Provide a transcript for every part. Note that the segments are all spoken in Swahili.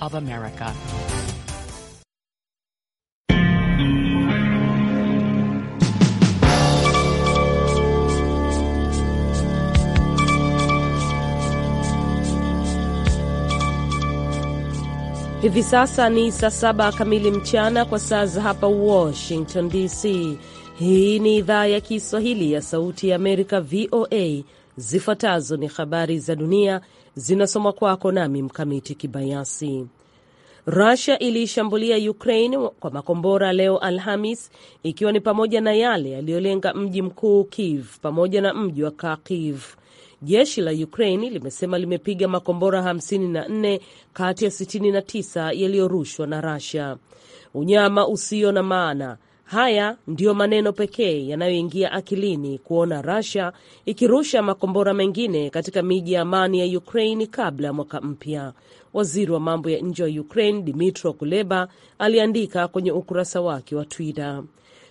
of America. Hivi sasa ni saa saba kamili mchana kwa saa za hapa Washington DC. Hii ni idhaa ya Kiswahili ya Sauti ya Amerika, VOA. Zifuatazo ni habari za dunia, zinasoma kwako nami Mkamiti Kibayasi. Russia iliishambulia Ukraine kwa makombora leo Alhamis, ikiwa ni pamoja na yale yaliyolenga mji mkuu Kiev pamoja na mji wa Kharkiv. Jeshi la Ukraine limesema limepiga makombora 54 kati ya 69 yaliyorushwa na rusia Unyama usio na maana Haya ndiyo maneno pekee yanayoingia akilini kuona Russia ikirusha makombora mengine katika miji ya amani ya Ukraine kabla ya mwaka mpya. Waziri wa mambo ya nje wa Ukraine Dmytro Kuleba aliandika kwenye ukurasa wake wa Twitter.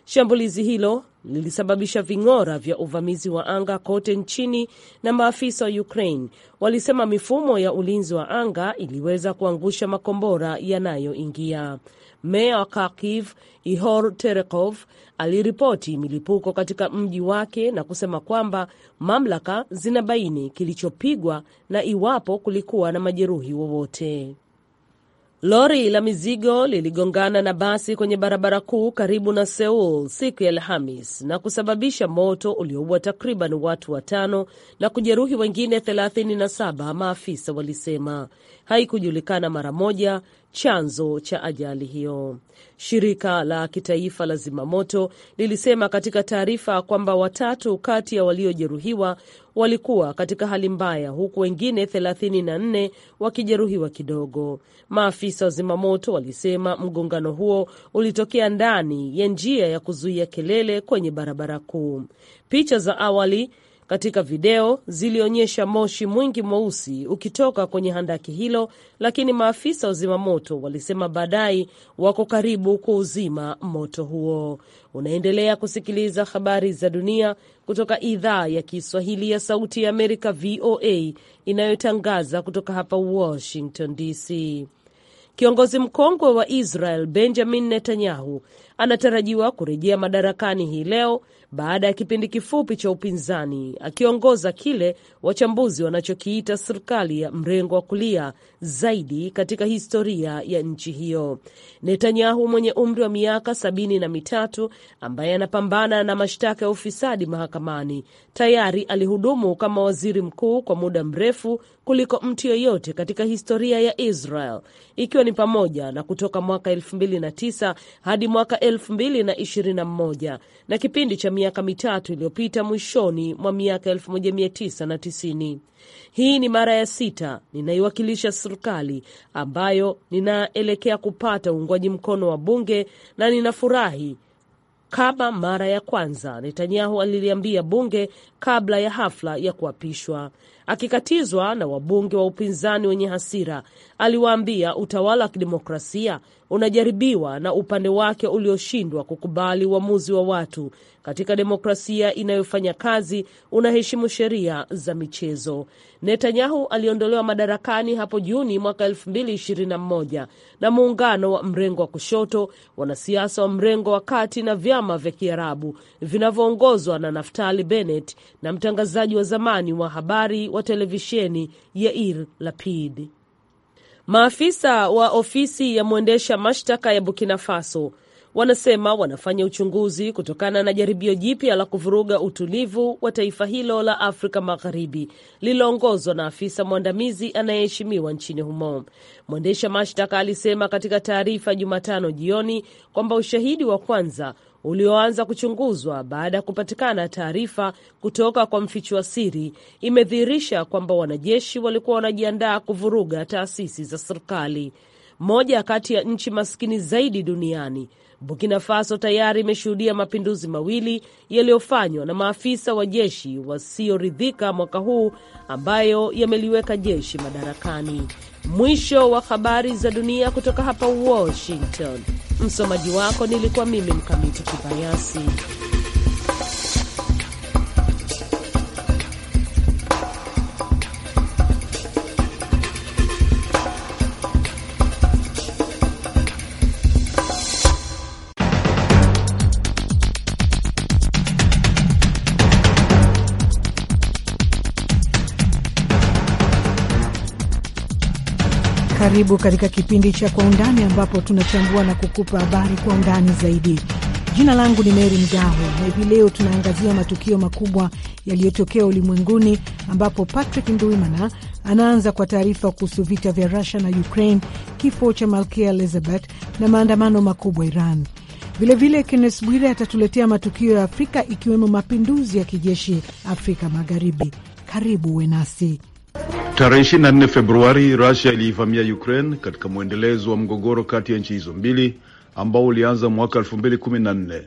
Shambulizi hilo lilisababisha ving'ora vya uvamizi wa anga kote nchini, na maafisa wa Ukraine walisema mifumo ya ulinzi wa anga iliweza kuangusha makombora yanayoingia. Meya wa Kharkiv Ihor Terekov aliripoti milipuko katika mji wake na kusema kwamba mamlaka zinabaini kilichopigwa na iwapo kulikuwa na majeruhi wowote. Lori la mizigo liligongana na basi kwenye barabara kuu karibu na Seul siku ya Alhamis na kusababisha moto ulioua takriban watu watano na kujeruhi wengine 37, maafisa walisema. Haikujulikana mara moja chanzo cha ajali hiyo. Shirika la kitaifa la zimamoto lilisema katika taarifa kwamba watatu kati ya waliojeruhiwa walikuwa katika hali mbaya, huku wengine 34 wakijeruhiwa kidogo. Maafisa wa zimamoto walisema mgongano huo ulitokea ndani ya njia ya kuzuia kelele kwenye barabara kuu. Picha za awali katika video zilionyesha moshi mwingi mweusi ukitoka kwenye handaki hilo, lakini maafisa wa zimamoto walisema baadaye wako karibu kuuzima moto huo. Unaendelea kusikiliza habari za dunia kutoka idhaa ya Kiswahili ya Sauti ya Amerika, VOA, inayotangaza kutoka hapa Washington DC. Kiongozi mkongwe wa Israel Benjamin Netanyahu anatarajiwa kurejea madarakani hii leo baada ya kipindi kifupi cha upinzani, akiongoza kile wachambuzi wanachokiita serikali ya mrengo wa kulia zaidi katika historia ya nchi hiyo. Netanyahu mwenye umri wa miaka sabini na mitatu ambaye anapambana na mashtaka ya ufisadi mahakamani tayari alihudumu kama waziri mkuu kwa muda mrefu kuliko mtu yeyote katika historia ya Israel, ikiwa ni pamoja na kutoka mwaka 2009 hadi mwaka 2021 na kipindi cha miaka mitatu iliyopita mwishoni mwa miaka 1990. Hii ni mara ya sita ninaiwakilisha serikali ambayo ninaelekea kupata uungwaji mkono wa bunge na ninafurahi kama mara ya kwanza, Netanyahu aliliambia bunge kabla ya hafla ya kuapishwa. Akikatizwa na wabunge wa upinzani wenye hasira, aliwaambia utawala wa kidemokrasia unajaribiwa na upande wake ulioshindwa kukubali uamuzi wa watu katika demokrasia inayofanya kazi, unaheshimu sheria za michezo. Netanyahu aliondolewa madarakani hapo Juni mwaka 2021 na muungano wa mrengo wa kushoto, wanasiasa wa mrengo wa kati na vyama vya Kiarabu vinavyoongozwa na Naftali Bennett na mtangazaji wa zamani wa habari wa televisheni Yair Lapid. Maafisa wa ofisi ya mwendesha mashtaka ya Burkina Faso wanasema wanafanya uchunguzi kutokana na jaribio jipya la kuvuruga utulivu wa taifa hilo la Afrika Magharibi lililoongozwa na afisa mwandamizi anayeheshimiwa nchini humo. Mwendesha mashtaka alisema katika taarifa Jumatano jioni kwamba ushahidi wa kwanza ulioanza kuchunguzwa baada ya kupatikana taarifa kutoka kwa mfichua siri imedhihirisha kwamba wanajeshi walikuwa wanajiandaa kuvuruga taasisi za serikali moja kati ya nchi maskini zaidi duniani. Burkina Faso tayari imeshuhudia mapinduzi mawili yaliyofanywa na maafisa wa jeshi wasioridhika mwaka huu ambayo yameliweka jeshi madarakani. Mwisho wa habari za dunia kutoka hapa Washington. Msomaji wako nilikuwa mimi Mkamiti Kibayasi. Karibu katika kipindi cha Kwa Undani ambapo tunachambua na kukupa habari kwa undani zaidi. Jina langu ni Meri Mgawe na hivi leo tunaangazia matukio makubwa yaliyotokea ulimwenguni, ambapo Patrick Nduimana anaanza kwa taarifa kuhusu vita vya Rusia na Ukraine, kifo cha Malkia Elizabeth na maandamano makubwa Iran. Vilevile, Kennes Bwire atatuletea matukio ya Afrika ikiwemo mapinduzi ya kijeshi Afrika Magharibi. Karibu uwe nasi. Tarehe 24 Februari, rasia iliivamia Ukraine katika mwendelezo wa mgogoro kati ya nchi hizo mbili ambao ulianza mwaka 2014.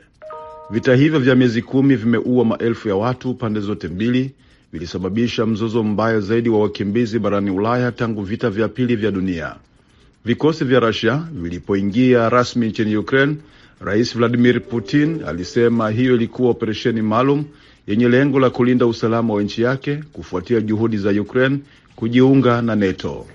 Vita hivyo vya miezi kumi vimeua maelfu ya watu pande zote mbili, vilisababisha mzozo mbaya zaidi wa wakimbizi barani Ulaya tangu vita vya pili vya dunia. Vikosi vya rasia vilipoingia rasmi nchini Ukraine, Rais Vladimir Putin alisema hiyo ilikuwa operesheni maalum yenye lengo la kulinda usalama wa nchi yake kufuatia juhudi za Ukraine kujiunga na NATO.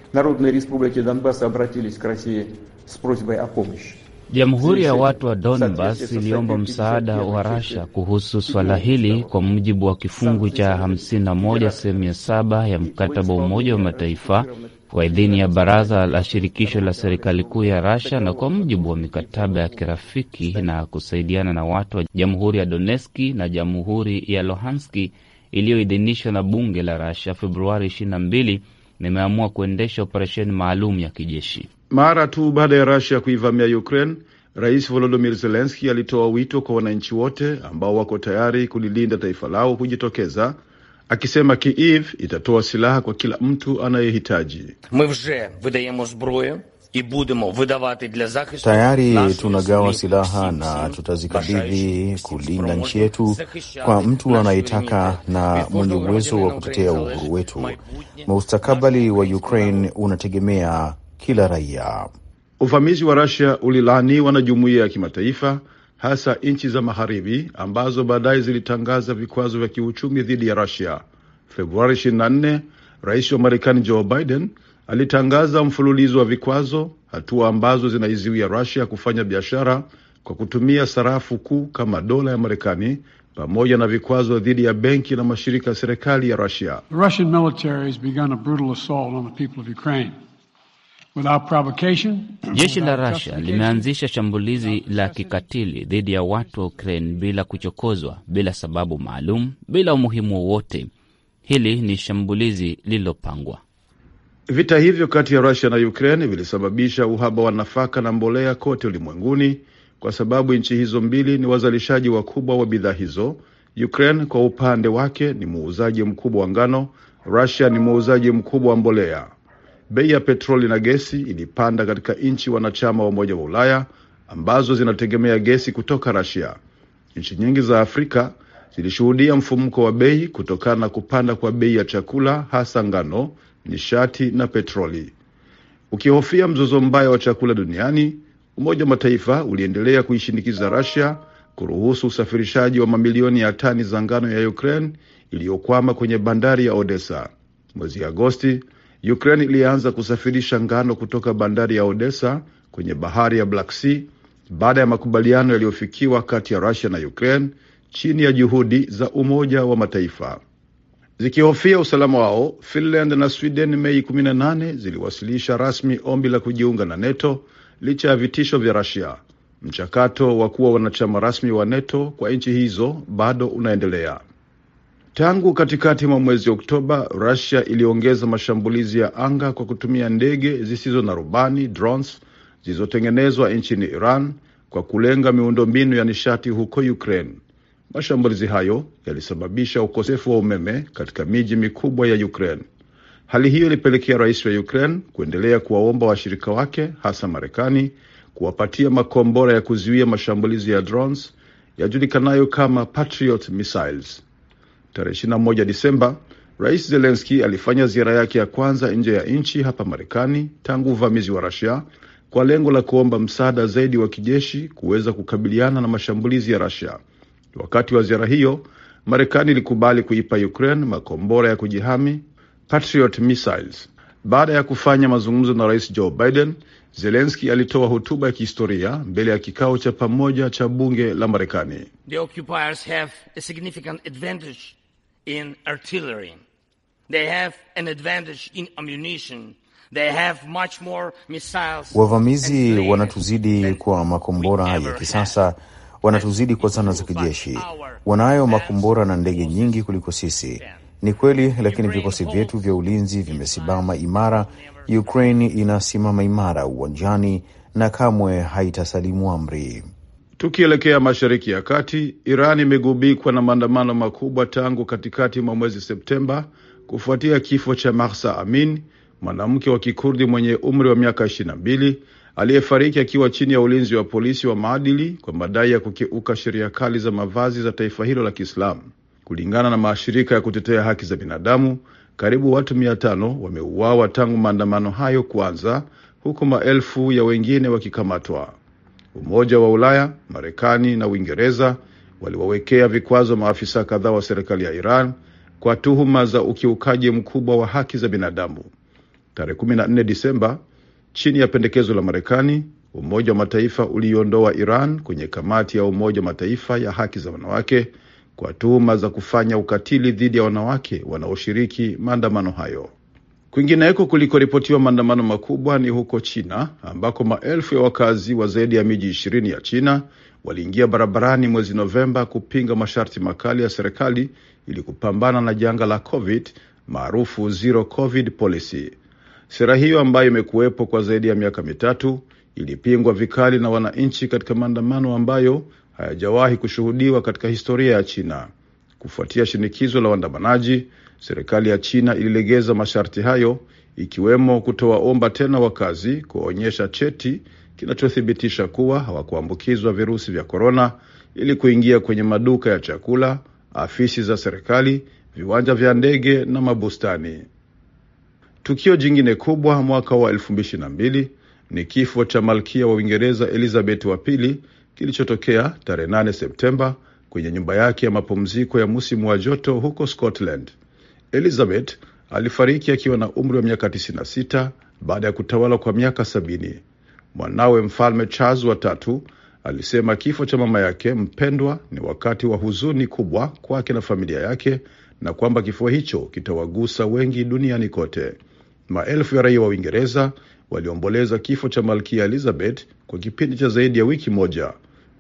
Jamhuri ya watu wa Donbas iliomba msaada wa Rasha kuhusu swala hili kwa mujibu wa kifungu cha 51 sehemu ya 7 ya mkataba wa Umoja wa Mataifa kwa idhini ya Baraza la Shirikisho la Serikali Kuu ya Rasha na kwa mujibu wa mikataba ya kirafiki na kusaidiana na watu wa Jamhuri ya doneski na Jamhuri ya lohanski iliyoidhinishwa na bunge la Rasia Februari 22 limeamua kuendesha operesheni maalum ya kijeshi. Mara tu baada ya Rasia kuivamia Ukraine, Rais volodomir Zelenski alitoa wito kwa wananchi wote ambao wako tayari kulilinda taifa lao kujitokeza, akisema Kiev itatoa silaha kwa kila mtu anayehitaji. mi vzhe vidayemo zbroyu Tayari tunagawa silaha na tutazikabidhi kulinda nchi yetu kwa mtu anayetaka na mwenye uwezo wa kutetea uhuru wetu. Mustakabali wa Ukraine unategemea kila raia. Uvamizi wa rasia ulilaaniwa na jumuiya ya kimataifa, hasa nchi za magharibi ambazo baadaye zilitangaza vikwazo vya kiuchumi dhidi ya rasia Februari 24, rais wa Marekani Joe Biden alitangaza mfululizo wa vikwazo, hatua ambazo zinaiziwia Rusia kufanya biashara kwa kutumia sarafu kuu kama dola ya Marekani pamoja na vikwazo dhidi ya benki na mashirika ya serikali ya Rusia. Jeshi la Rusia limeanzisha shambulizi la kikatili dhidi ya watu wa Ukraine bila kuchokozwa, bila sababu maalum, bila umuhimu wowote. Hili ni shambulizi lililopangwa. Vita hivyo kati ya Rusia na Ukraine vilisababisha uhaba wa nafaka na mbolea kote ulimwenguni kwa sababu nchi hizo mbili ni wazalishaji wakubwa wa, wa bidhaa hizo. Ukraine kwa upande wake ni muuzaji mkubwa wa ngano, Rusia ni muuzaji mkubwa wa mbolea. Bei ya petroli na gesi ilipanda katika nchi wanachama wa Umoja wa Ulaya ambazo zinategemea gesi kutoka Rusia. Nchi nyingi za Afrika zilishuhudia mfumko wa bei kutokana na kupanda kwa bei ya chakula, hasa ngano, nishati na petroli. Ukihofia mzozo mbaya wa chakula duniani, Umoja wa Mataifa uliendelea kuishinikiza Russia kuruhusu usafirishaji wa mamilioni ya tani za ngano ya Ukraine iliyokwama kwenye bandari ya Odessa. Mwezi Agosti, Ukraine ilianza kusafirisha ngano kutoka bandari ya Odessa kwenye bahari ya Black Sea baada ya makubaliano yaliyofikiwa kati ya Russia na Ukraine chini ya juhudi za Umoja wa Mataifa zikihofia usalama wao. Finland na Sweden Mei 18 ziliwasilisha rasmi ombi la kujiunga na NATO licha ya vitisho vya Russia. Mchakato wa kuwa wanachama rasmi wa NATO kwa nchi hizo bado unaendelea. Tangu katikati mwa mwezi Oktoba, Russia iliongeza mashambulizi ya anga kwa kutumia ndege zisizo na rubani drones zilizotengenezwa nchini Iran kwa kulenga miundombinu ya nishati huko Ukraine. Mashambulizi hayo yalisababisha ukosefu wa umeme katika miji mikubwa ya Ukraine. Hali hiyo ilipelekea rais wa Ukraine kuendelea kuwaomba washirika wake hasa Marekani kuwapatia makombora ya kuzuia mashambulizi ya drones yajulikanayo kama Patriot missiles. Tarehe 21 Disemba, Rais Zelenski alifanya ziara yake ya kwanza nje ya nchi hapa Marekani tangu uvamizi wa Rusia kwa lengo la kuomba msaada zaidi wa kijeshi kuweza kukabiliana na mashambulizi ya Rusia. Wakati wa ziara hiyo, Marekani ilikubali kuipa Ukraine makombora ya kujihami Patriot missiles. Baada ya kufanya mazungumzo na Rais Joe Biden, Zelenski alitoa hotuba ya kihistoria mbele ya kikao cha pamoja cha bunge la Marekani. The occupiers have a significant advantage in artillery. They have an advantage in ammunition. They have much more missiles. Wavamizi wanatuzidi kwa makombora ya kisasa wanatuzidi kwa zana za kijeshi, wanayo makombora na ndege nyingi kuliko sisi. Ni kweli, lakini vikosi vyetu vya ulinzi vimesimama imara. Ukraine inasimama imara uwanjani na kamwe haitasalimu amri. Tukielekea mashariki ya kati, Iran imegubikwa na maandamano makubwa tangu katikati mwa mwezi Septemba kufuatia kifo cha Mahsa Amin, mwanamke wa Kikurdi mwenye umri wa miaka mbili aliyefariki akiwa chini ya ulinzi wa polisi wa maadili kwa madai ya kukiuka sheria kali za mavazi za taifa hilo la Kiislamu. Kulingana na mashirika ya kutetea haki za binadamu, karibu watu mia tano wameuawa tangu maandamano hayo kuanza, huku maelfu ya wengine wakikamatwa. Umoja wa Ulaya, Marekani na Uingereza waliwawekea vikwazo maafisa kadhaa wa serikali ya Iran kwa tuhuma za ukiukaji mkubwa wa haki za binadamu. Tarehe 14 Disemba, chini ya pendekezo la Marekani, Umoja wa Mataifa uliiondoa Iran kwenye kamati ya Umoja wa Mataifa ya haki za wanawake kwa tuhuma za kufanya ukatili dhidi ya wanawake wanaoshiriki maandamano hayo. Kwingineko kulikoripotiwa maandamano makubwa ni huko China ambako maelfu ya wakazi wa zaidi ya miji ishirini ya China waliingia barabarani mwezi Novemba kupinga masharti makali ya serikali ili kupambana na janga la COVID maarufu zero covid policy. Sera hiyo ambayo imekuwepo kwa zaidi ya miaka mitatu ilipingwa vikali na wananchi katika maandamano ambayo hayajawahi kushuhudiwa katika historia ya China. Kufuatia shinikizo la waandamanaji, serikali ya China ililegeza masharti hayo, ikiwemo kutoa omba tena wakazi kuonyesha cheti kinachothibitisha kuwa hawakuambukizwa virusi vya korona ili kuingia kwenye maduka ya chakula, afisi za serikali, viwanja vya ndege na mabustani. Tukio jingine kubwa mwaka wa 2022 ni kifo cha malkia wa Uingereza Elizabeth wa pili kilichotokea tarehe 8 Septemba kwenye nyumba yake ya mapumziko ya musimu wa joto huko Scotland. Elizabeth alifariki akiwa na umri wa miaka 96 baada ya kutawala kwa miaka sabini. Mwanawe Mfalme Charles wa tatu alisema kifo cha mama yake mpendwa ni wakati wa huzuni kubwa kwake na familia yake na kwamba kifo hicho kitawagusa wengi duniani kote. Maelfu ya raia wa Uingereza waliomboleza kifo cha Malkia Elizabeth kwa kipindi cha zaidi ya wiki moja.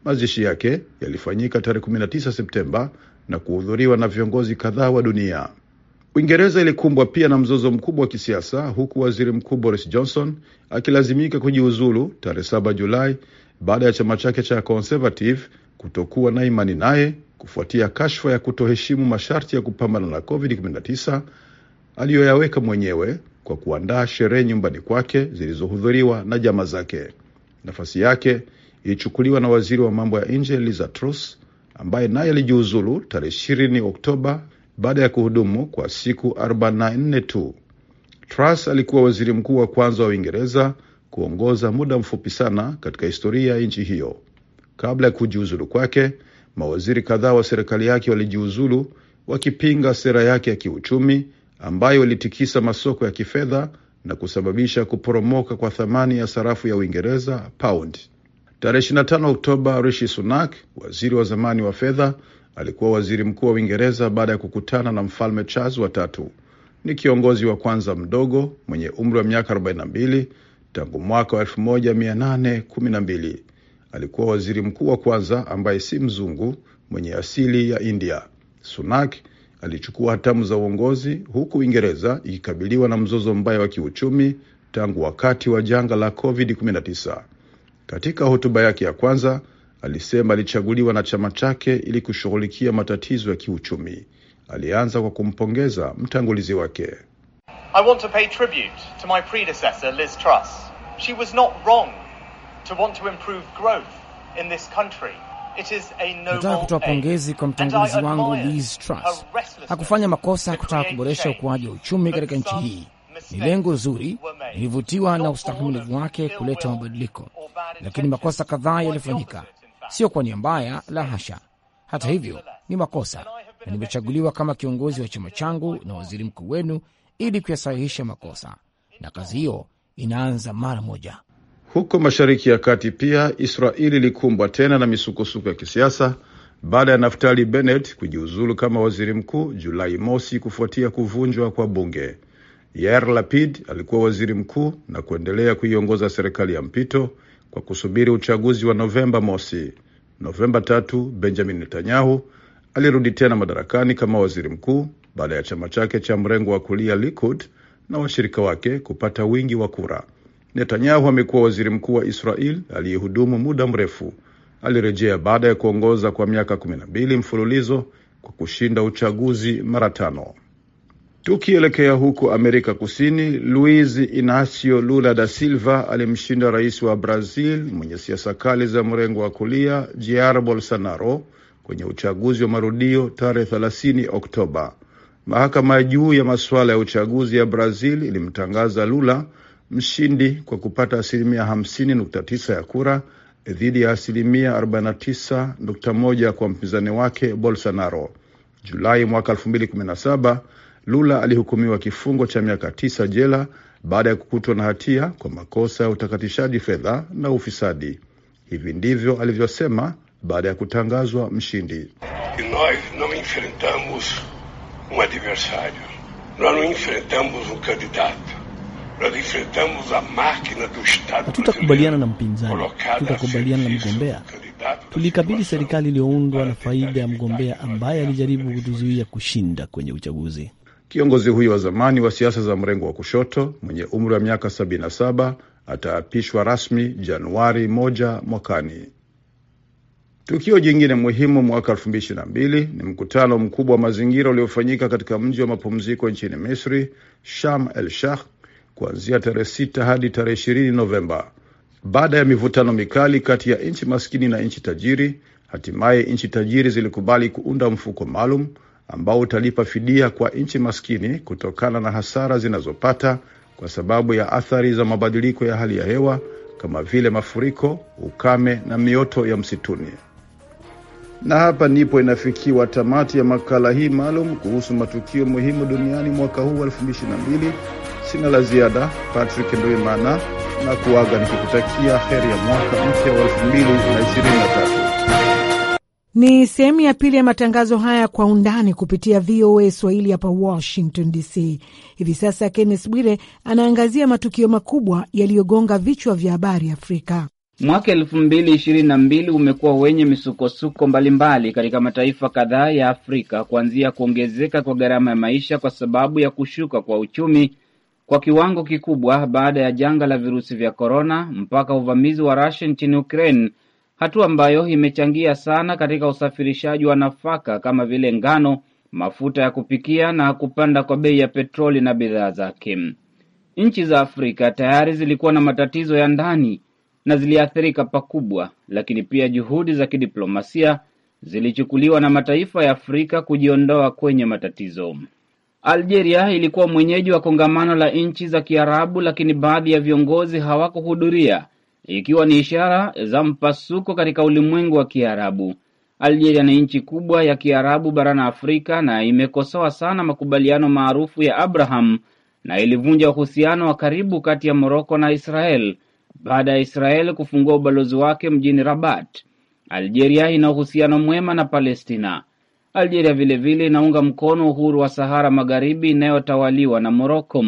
Mazishi yake yalifanyika tarehe 19 Septemba na kuhudhuriwa na viongozi kadhaa wa dunia. Uingereza ilikumbwa pia na mzozo mkubwa wa kisiasa huku waziri mkuu Boris Johnson akilazimika kujiuzulu tarehe 7 Julai baada ya chama chake cha Conservative kutokuwa na imani naye kufuatia kashfa ya kutoheshimu masharti ya kupambana na COVID-19 aliyoyaweka mwenyewe kwa kuandaa sherehe nyumbani kwake zilizohudhuriwa na jamaa zake. Nafasi yake ilichukuliwa na waziri wa mambo ya nje Liza Truss ambaye naye alijiuzulu tarehe ishirini Oktoba baada ya kuhudumu kwa siku 44 tu. Truss alikuwa waziri mkuu wa kwanza wa Uingereza kuongoza muda mfupi sana katika historia ya nchi hiyo. Kabla ya kujiuzulu kwake, mawaziri kadhaa wa serikali yake walijiuzulu wakipinga sera yake ya kiuchumi ambayo ilitikisa masoko ya kifedha na kusababisha kuporomoka kwa thamani ya sarafu ya Uingereza pound. Tarehe 25 Oktoba, Rishi Sunak, waziri wa zamani wa fedha, alikuwa waziri mkuu wa Uingereza baada ya kukutana na mfalme Charles wa tatu. Ni kiongozi wa kwanza mdogo mwenye umri wa miaka 42 tangu mwaka wa 1812. Alikuwa waziri mkuu wa kwanza ambaye si mzungu mwenye asili ya India. Sunak alichukua hatamu za uongozi huku Uingereza ikikabiliwa na mzozo mbaya wa kiuchumi tangu wakati wa janga la COVID-19. Katika hotuba yake ya kwanza alisema alichaguliwa na chama chake ili kushughulikia matatizo ya kiuchumi. Alianza kwa kumpongeza mtangulizi wake. I want to pay tribute to my predecessor Liz Truss. She was not wrong to want to improve growth in this country. Nataka kutoa pongezi kwa mtangulizi wangu Liz Truss. Hakufanya makosa kutaka kuboresha ukuaji wa uchumi katika nchi hii. Ni lengo zuri, nilivutiwa na ustahimilivu wake kuleta mabadiliko, lakini makosa kadhaa yalifanyika, sio kwa nia mbaya, la hasha. Hata hivyo, ni makosa na nimechaguliwa kama kiongozi wa chama changu na waziri mkuu wenu ili kuyasahihisha makosa, na kazi hiyo inaanza mara moja. Huko Mashariki ya Kati pia Israeli ilikumbwa tena na misukosuko ya kisiasa baada ya Naftali Bennett kujiuzulu kama waziri mkuu Julai mosi kufuatia kuvunjwa kwa bunge. Yair Lapid alikuwa waziri mkuu na kuendelea kuiongoza serikali ya mpito kwa kusubiri uchaguzi wa Novemba mosi. Novemba tatu, Benjamin Netanyahu alirudi tena madarakani kama waziri mkuu baada ya chama chake cha mrengo wa kulia Likud na washirika wake kupata wingi wa kura. Netanyahu amekuwa waziri mkuu wa Israel aliyehudumu muda mrefu. Alirejea baada ya kuongoza kwa miaka 12 mfululizo kwa kushinda uchaguzi mara tano. Tukielekea huko Amerika Kusini, Luiz Inacio Lula da Silva alimshinda rais wa Brazil mwenye siasa kali za mrengo wa kulia Jair Bolsonaro kwenye uchaguzi wa marudio tarehe 30 Oktoba. Mahakama ya juu ya masuala ya uchaguzi ya Brazil ilimtangaza Lula mshindi kwa kupata asilimia 50.9 ya kura dhidi ya asilimia 49.1 kwa mpinzani wake Bolsonaro. Julai mwaka 2017 Lula alihukumiwa kifungo cha miaka tisa jela baada ya kukutwa na hatia kwa makosa ya utakatishaji fedha na ufisadi. Hivi ndivyo alivyosema baada ya kutangazwa mshindi. Nós não enfrentamos um adversário, nós não enfrentamos um candidato Hatutakubaliana na mpinzani, hatutakubaliana na mgombea. Tulikabili serikali iliyoundwa na faida ya mgombea ambaye alijaribu kutuzuia kushinda kwenye uchaguzi. Kiongozi huyo wa zamani wa siasa za mrengo wa kushoto mwenye umri wa miaka 77 ataapishwa rasmi Januari 1 mwakani. Tukio jingine muhimu mwaka 2022 ni mkutano mkubwa wa mazingira uliofanyika katika mji wa mapumziko nchini Misri, Sham el Sheikh, kuanzia tarehe sita hadi tarehe ishirini Novemba. Baada ya mivutano mikali kati ya nchi maskini na nchi tajiri, hatimaye nchi tajiri zilikubali kuunda mfuko maalum ambao utalipa fidia kwa nchi maskini kutokana na hasara zinazopata kwa sababu ya athari za mabadiliko ya hali ya hewa kama vile mafuriko, ukame na mioto ya msituni. Na hapa ndipo inafikiwa tamati ya makala hii maalum kuhusu matukio muhimu duniani mwaka huu 2022. Sina la ziada, Patrick Ndwimana na kuaga nikikutakia heri ya mwaka mpya wa 2023 ni sehemu ya pili ya matangazo haya kwa undani kupitia VOA Swahili hapa Washington DC. Hivi sasa kennes Bwire anaangazia matukio makubwa yaliyogonga vichwa vya habari Afrika. Mwaka elfu mbili ishirini na mbili umekuwa wenye misukosuko mbalimbali katika mataifa kadhaa ya Afrika, kuanzia kuongezeka kwa gharama ya maisha kwa sababu ya kushuka kwa uchumi kwa kiwango kikubwa baada ya janga la virusi vya korona mpaka uvamizi wa Rusia nchini Ukraine, hatua ambayo imechangia sana katika usafirishaji wa nafaka kama vile ngano, mafuta ya kupikia na kupanda kwa bei ya petroli na bidhaa zake. Nchi za Afrika tayari zilikuwa na matatizo ya ndani na ziliathirika pakubwa, lakini pia juhudi za kidiplomasia zilichukuliwa na mataifa ya Afrika kujiondoa kwenye matatizo. Algeria ilikuwa mwenyeji wa kongamano la nchi za Kiarabu, lakini baadhi ya viongozi hawakuhudhuria ikiwa ni ishara za mpasuko katika ulimwengu wa Kiarabu. Algeria ni nchi kubwa ya Kiarabu barani Afrika na imekosoa sana makubaliano maarufu ya Abraham na ilivunja uhusiano wa karibu kati ya Moroko na Israel baada ya Israel kufungua ubalozi wake mjini Rabat. Algeria ina uhusiano mwema na Palestina. Algeria vilevile inaunga vile mkono uhuru wa Sahara Magharibi inayotawaliwa na Moroko.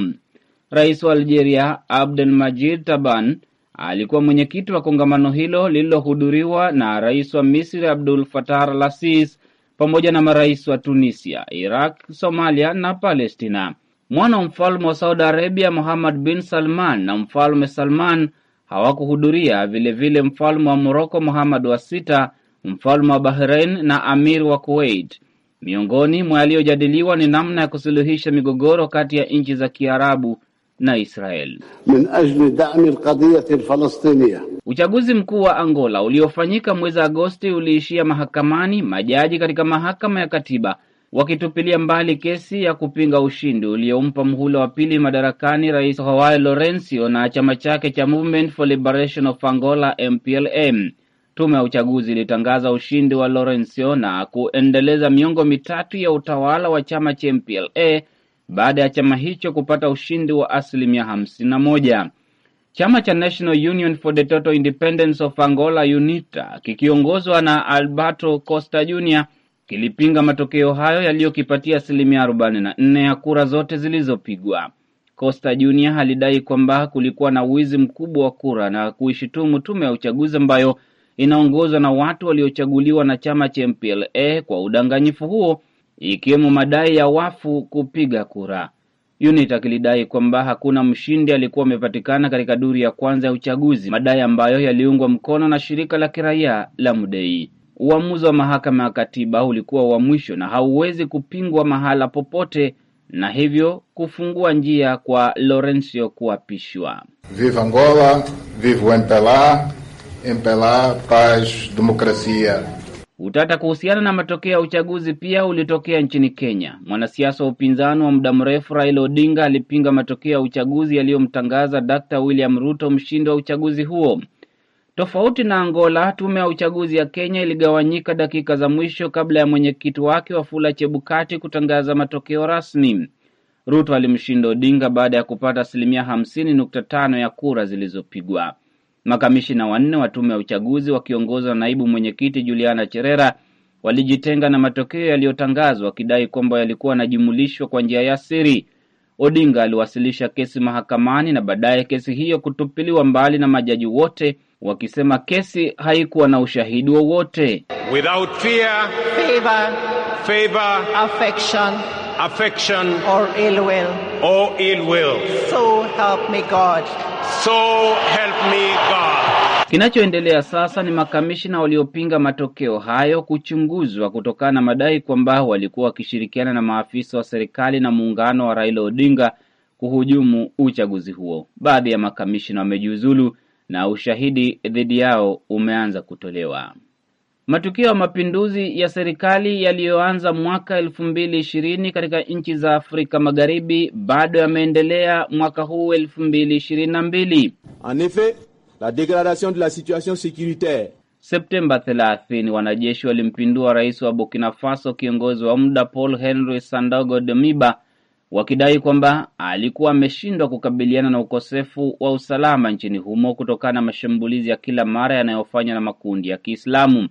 Rais wa Algeria majid Taban alikuwa mwenyekiti wa kongamano hilo lililohudhuriwa na rais wa Misri Abdul fatar al-Sisi pamoja na marais wa Tunisia, Iraq, Somalia na Palestina. Mwana wa mfalme wa Saudi Arabia Muhammad bin Salman na mfalme Salman hawakuhudhuria, vilevile mfalme wa Moroko Muhammad wa sita mfalme wa Bahrain na amir wa Kuwait. Miongoni mwa yaliyojadiliwa ni namna ya kusuluhisha migogoro kati ya nchi za Kiarabu na Israel. Min ajli dami Uchaguzi mkuu wa Angola uliofanyika mwezi Agosti uliishia mahakamani, majaji katika mahakama ya katiba wakitupilia mbali kesi ya kupinga ushindi uliompa mhula wa pili madarakani Rais Joao Lourenco na chama chake cha Movement for Liberation of Angola MPLM. Tume ya uchaguzi ilitangaza ushindi wa lorencio na kuendeleza miongo mitatu ya utawala wa chama cha MPLA baada ya chama hicho kupata ushindi wa asilimia 51. Chama cha National Union for the Total Independence of Angola UNITA kikiongozwa na Alberto Costa Jr kilipinga matokeo hayo yaliyokipatia asilimia 44 ya kura zote zilizopigwa. Costa Jr alidai kwamba kulikuwa na wizi mkubwa wa kura na kuishutumu tume ya uchaguzi ambayo inaongozwa na watu waliochaguliwa na chama cha MPLA kwa udanganyifu huo, ikiwemo madai ya wafu kupiga kura. UNIT akilidai kwamba hakuna mshindi alikuwa amepatikana katika duru ya kwanza ya uchaguzi, madai ambayo yaliungwa mkono na shirika la kiraia la Mudei. Uamuzi wa mahakama ya katiba ulikuwa wa mwisho na hauwezi kupingwa mahala popote, na hivyo kufungua njia kwa Lorencio kuapishwa. Viva Angola, viva MPLA, MPLA, Paz, Demokrasia. Utata kuhusiana na matokeo ya uchaguzi pia ulitokea nchini Kenya. Mwanasiasa wa upinzani wa muda mrefu Raila Odinga alipinga matokeo ya uchaguzi yaliyomtangaza Dr. William Ruto mshindi wa uchaguzi huo. Tofauti na Angola, tume ya uchaguzi ya Kenya iligawanyika dakika za mwisho kabla ya mwenyekiti wake Wafula Chebukati kutangaza matokeo rasmi. Ruto alimshinda Odinga baada ya kupata asilimia 50.5 ya kura zilizopigwa. Makamishina wanne wa tume ya uchaguzi wakiongozwa na naibu mwenyekiti Juliana Cherera walijitenga na matokeo yaliyotangazwa wakidai kwamba yalikuwa yanajumulishwa kwa njia ya siri. Odinga aliwasilisha kesi mahakamani na baadaye kesi hiyo kutupiliwa mbali na majaji wote wakisema kesi haikuwa na ushahidi wowote. Without fear, favor, favor, affection, affection, or ill will, or ill will. So help me God. So me God. Kinachoendelea sasa ni makamishina waliopinga matokeo hayo kuchunguzwa kutokana na madai kwamba walikuwa wakishirikiana na maafisa wa serikali na muungano wa Raila Odinga kuhujumu uchaguzi huo. Baadhi ya makamishina wamejiuzulu na ushahidi dhidi yao umeanza kutolewa. Matukio ya mapinduzi ya serikali yaliyoanza mwaka elfu mbili ishirini katika nchi za Afrika Magharibi bado yameendelea mwaka huu elfu mbili ishirini na mbili. En effet, la degradation de la situation securitaire Septemba 30 wanajeshi walimpindua rais wa Burkina Faso, kiongozi wa muda Paul Henry Sandaogo Damiba, wakidai kwamba alikuwa ameshindwa kukabiliana na ukosefu wa usalama nchini humo kutokana na mashambulizi ya kila mara yanayofanywa na makundi ya Kiislamu.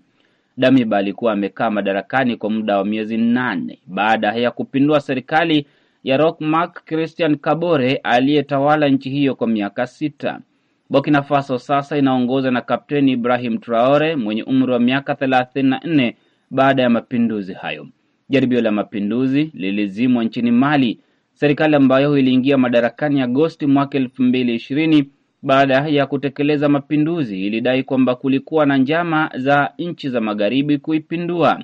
Damiba alikuwa amekaa madarakani kwa muda wa miezi nane baada ya kupindua serikali ya Roch Marc Christian Kabore aliyetawala nchi hiyo kwa miaka sita. Burkina Faso sasa inaongoza na Kapteni Ibrahim Traore mwenye umri wa miaka 34 baada ya mapinduzi hayo. Jaribio la mapinduzi lilizimwa nchini Mali. Serikali ambayo iliingia madarakani Agosti mwaka ishirini baada ya kutekeleza mapinduzi ilidai kwamba kulikuwa na njama za nchi za magharibi kuipindua.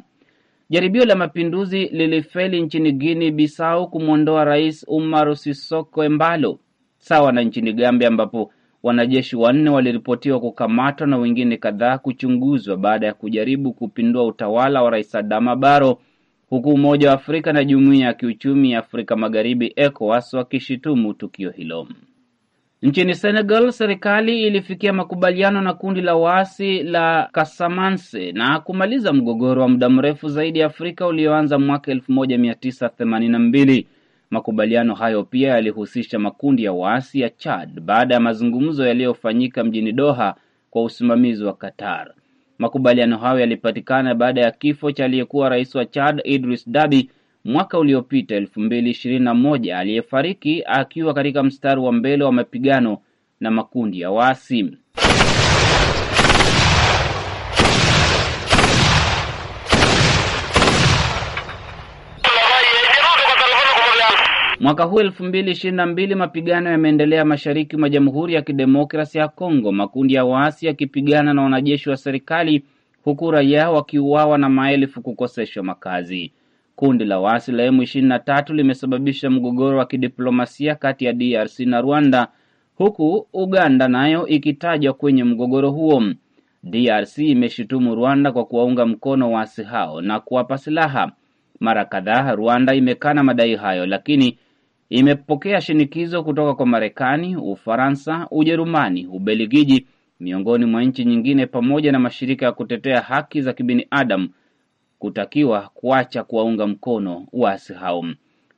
Jaribio la mapinduzi lilifeli nchini Guinea Bissau kumwondoa Rais Umaro sisoko Embalo, sawa na nchini Gambia ambapo wanajeshi wanne waliripotiwa kukamatwa na wengine kadhaa kuchunguzwa baada ya kujaribu kupindua utawala wa Rais Adama Barrow, huku Umoja wa Afrika na Jumuiya ya Kiuchumi ya Afrika Magharibi ECOWAS wakishitumu tukio hilo. Nchini Senegal, serikali ilifikia makubaliano na kundi la waasi la Kasamanse na kumaliza mgogoro wa muda mrefu zaidi Afrika ulioanza mwaka 1982. Makubaliano hayo pia yalihusisha makundi ya waasi ya Chad baada ya mazungumzo yaliyofanyika mjini Doha kwa usimamizi wa Qatar. Makubaliano hayo yalipatikana baada ya kifo cha aliyekuwa rais wa Chad Idris Dabi mwaka uliopita 2021 aliyefariki akiwa katika mstari wa mbele wa mapigano na makundi ya waasi. Mwaka huu elfu na mbili mapigano yameendelea mashariki mwa Jamhuri ya Kidemokrasi ya Kongo, makundi ya waasi yakipigana na wanajeshi wa serikali huku raia wakiuawa na maelfu kukoseshwa makazi. Kundi la waasi la M23 limesababisha mgogoro wa kidiplomasia kati ya DRC na Rwanda, huku Uganda nayo ikitajwa kwenye mgogoro huo. DRC imeshutumu Rwanda kwa kuwaunga mkono waasi hao na kuwapa silaha. Mara kadhaa Rwanda imekana madai hayo, lakini imepokea shinikizo kutoka kwa Marekani, Ufaransa, Ujerumani, Ubelgiji, miongoni mwa nchi nyingine, pamoja na mashirika ya kutetea haki za kibinadamu kutakiwa kuacha kuwaunga mkono waasi hao.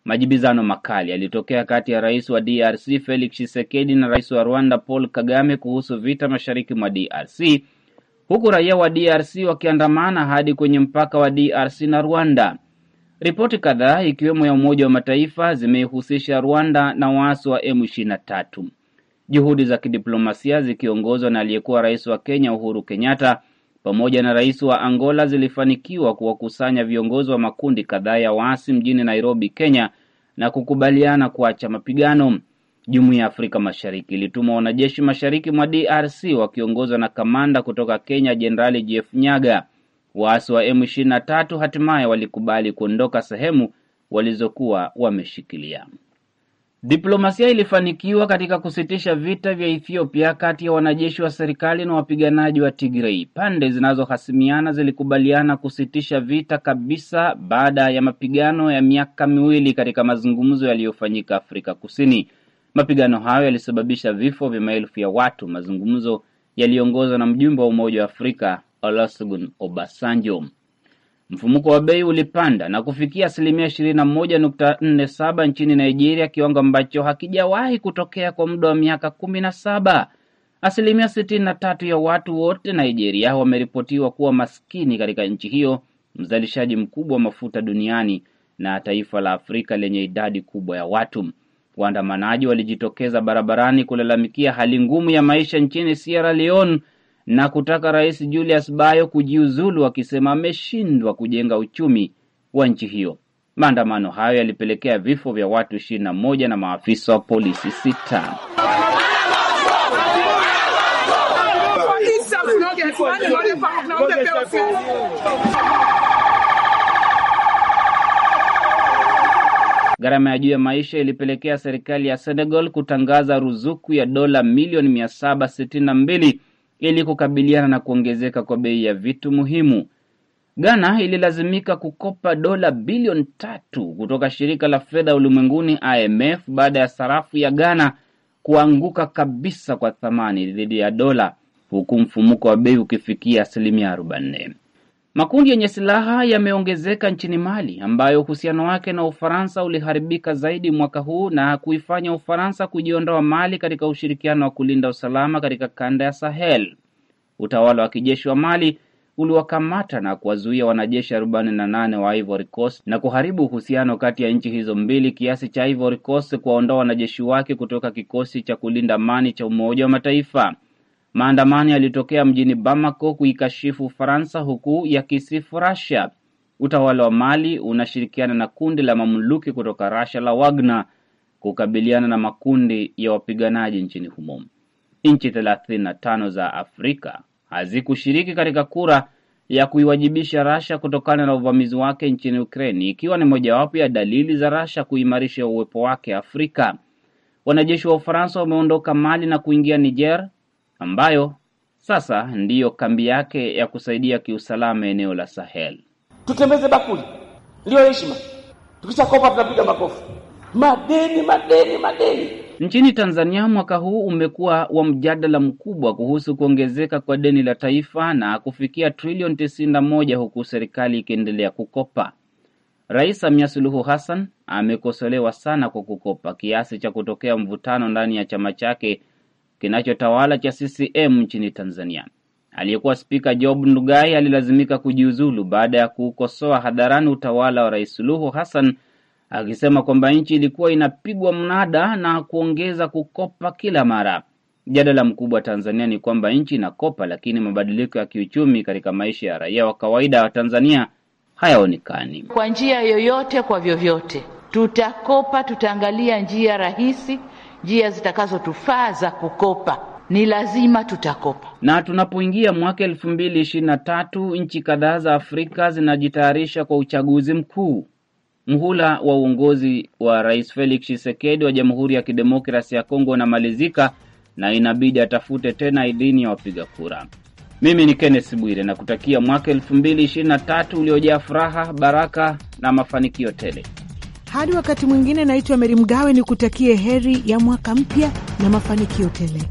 Majibizano makali yalitokea kati ya rais wa DRC Felix Tshisekedi na rais wa Rwanda Paul Kagame kuhusu vita mashariki mwa DRC, huku raia wa DRC wakiandamana hadi kwenye mpaka wa DRC na Rwanda. Ripoti kadhaa ikiwemo ya Umoja wa Mataifa zimeihusisha Rwanda na waasi wa M23. Juhudi za kidiplomasia zikiongozwa na aliyekuwa rais wa Kenya Uhuru Kenyatta pamoja na rais wa Angola zilifanikiwa kuwakusanya viongozi wa makundi kadhaa ya waasi mjini Nairobi, Kenya na kukubaliana kuacha mapigano. Jumuiya ya Afrika Mashariki ilituma wanajeshi mashariki mwa DRC wakiongozwa na kamanda kutoka Kenya, Jenerali Jeff Nyaga. Waasi wa M23 hatimaye walikubali kuondoka sehemu walizokuwa wameshikilia. Diplomasia ilifanikiwa katika kusitisha vita vya Ethiopia kati ya wanajeshi wa serikali na wapiganaji wa Tigray. Pande zinazohasimiana zilikubaliana kusitisha vita kabisa baada ya mapigano ya miaka miwili katika mazungumzo yaliyofanyika Afrika Kusini. Mapigano hayo yalisababisha vifo vya maelfu ya watu. Mazungumzo yaliongozwa na mjumbe wa Umoja wa Afrika Olusegun Obasanjo. Mfumuko wa bei ulipanda na kufikia asilimia ishirini na moja nukta nne saba nchini Nigeria, kiwango ambacho hakijawahi kutokea kwa muda wa miaka kumi na saba. Asilimia sitini na tatu ya watu wote Nigeria wameripotiwa kuwa maskini katika nchi hiyo, mzalishaji mkubwa wa mafuta duniani na taifa la Afrika lenye idadi kubwa ya watu. Waandamanaji walijitokeza barabarani kulalamikia hali ngumu ya maisha nchini Sierra Leone na kutaka Rais Julius Bayo kujiuzulu akisema ameshindwa kujenga uchumi wa nchi hiyo. Maandamano hayo yalipelekea vifo vya watu ishirini na moja na maafisa wa polisi sita. Gharama ya juu ya maisha ilipelekea serikali ya Senegal kutangaza ruzuku ya dola milioni mia mbili ili kukabiliana na kuongezeka kwa bei ya vitu muhimu. Ghana ililazimika kukopa dola bilioni tatu kutoka shirika la fedha ulimwenguni IMF baada ya sarafu ya Ghana kuanguka kabisa kwa thamani dhidi ya dola huku mfumuko wa bei ukifikia asilimia 40. Makundi yenye silaha yameongezeka nchini Mali ambayo uhusiano wake na Ufaransa uliharibika zaidi mwaka huu na kuifanya Ufaransa kujiondoa Mali katika ushirikiano wa kulinda usalama katika kanda ya Sahel. Utawala wa kijeshi wa Mali uliwakamata na kuwazuia wanajeshi 48 wa Ivory Coast na kuharibu uhusiano kati ya nchi hizo mbili kiasi cha Ivory Coast kuwaondoa wanajeshi wake kutoka kikosi cha kulinda amani cha Umoja wa Mataifa. Maandamano yalitokea mjini Bamako kuikashifu Ufaransa huku yakisifu Russia. Utawala wa Mali unashirikiana na kundi la mamluki kutoka Russia la Wagner kukabiliana na makundi ya wapiganaji nchini humo. Nchi 35 za Afrika hazikushiriki katika kura ya kuiwajibisha Russia kutokana na uvamizi wake nchini Ukraine, ikiwa ni mojawapo ya dalili za Russia kuimarisha uwepo wake Afrika. Wanajeshi wa Ufaransa wameondoka Mali na kuingia Niger ambayo sasa ndiyo kambi yake ya kusaidia kiusalama eneo la Sahel. Tutembeze bakuli, ndiyo heshima. Tukishakopa tunapiga makofi. Madeni, madeni, madeni. Nchini Tanzania mwaka huu umekuwa wa mjadala mkubwa kuhusu kuongezeka kwa deni la taifa na kufikia trilioni tisini na moja huku serikali ikiendelea kukopa. Rais Samia Suluhu Hassan amekosolewa sana kwa kukopa kiasi cha kutokea mvutano ndani ya chama chake kinachotawala cha CCM nchini Tanzania. Aliyekuwa spika Job Ndugai alilazimika kujiuzulu baada ya kuukosoa hadharani utawala wa Rais Suluhu Hassan akisema kwamba nchi ilikuwa inapigwa mnada na kuongeza kukopa kila mara. Mjadala mkubwa Tanzania ni kwamba nchi inakopa, lakini mabadiliko ya kiuchumi katika maisha ya raia wa kawaida wa Tanzania hayaonekani kwa njia yoyote. Kwa vyovyote, tutakopa, tutaangalia njia rahisi njia zitakazotufaa za kukopa ni lazima tutakopa. Na tunapoingia mwaka elfu mbili ishirini na tatu, nchi kadhaa za Afrika zinajitayarisha kwa uchaguzi mkuu. Mhula wa uongozi wa Rais Felix Tshisekedi wa Jamhuri ya Kidemokrasi ya Kongo unamalizika na inabidi atafute tena idhini ya wapiga kura. Mimi ni Kenneth Bwire na kutakia mwaka elfu mbili ishirini na tatu uliojaa furaha, baraka na mafanikio tele. Hadi wakati mwingine, naitwa Meri Mgawe, ni kutakie heri ya mwaka mpya na mafanikio tele.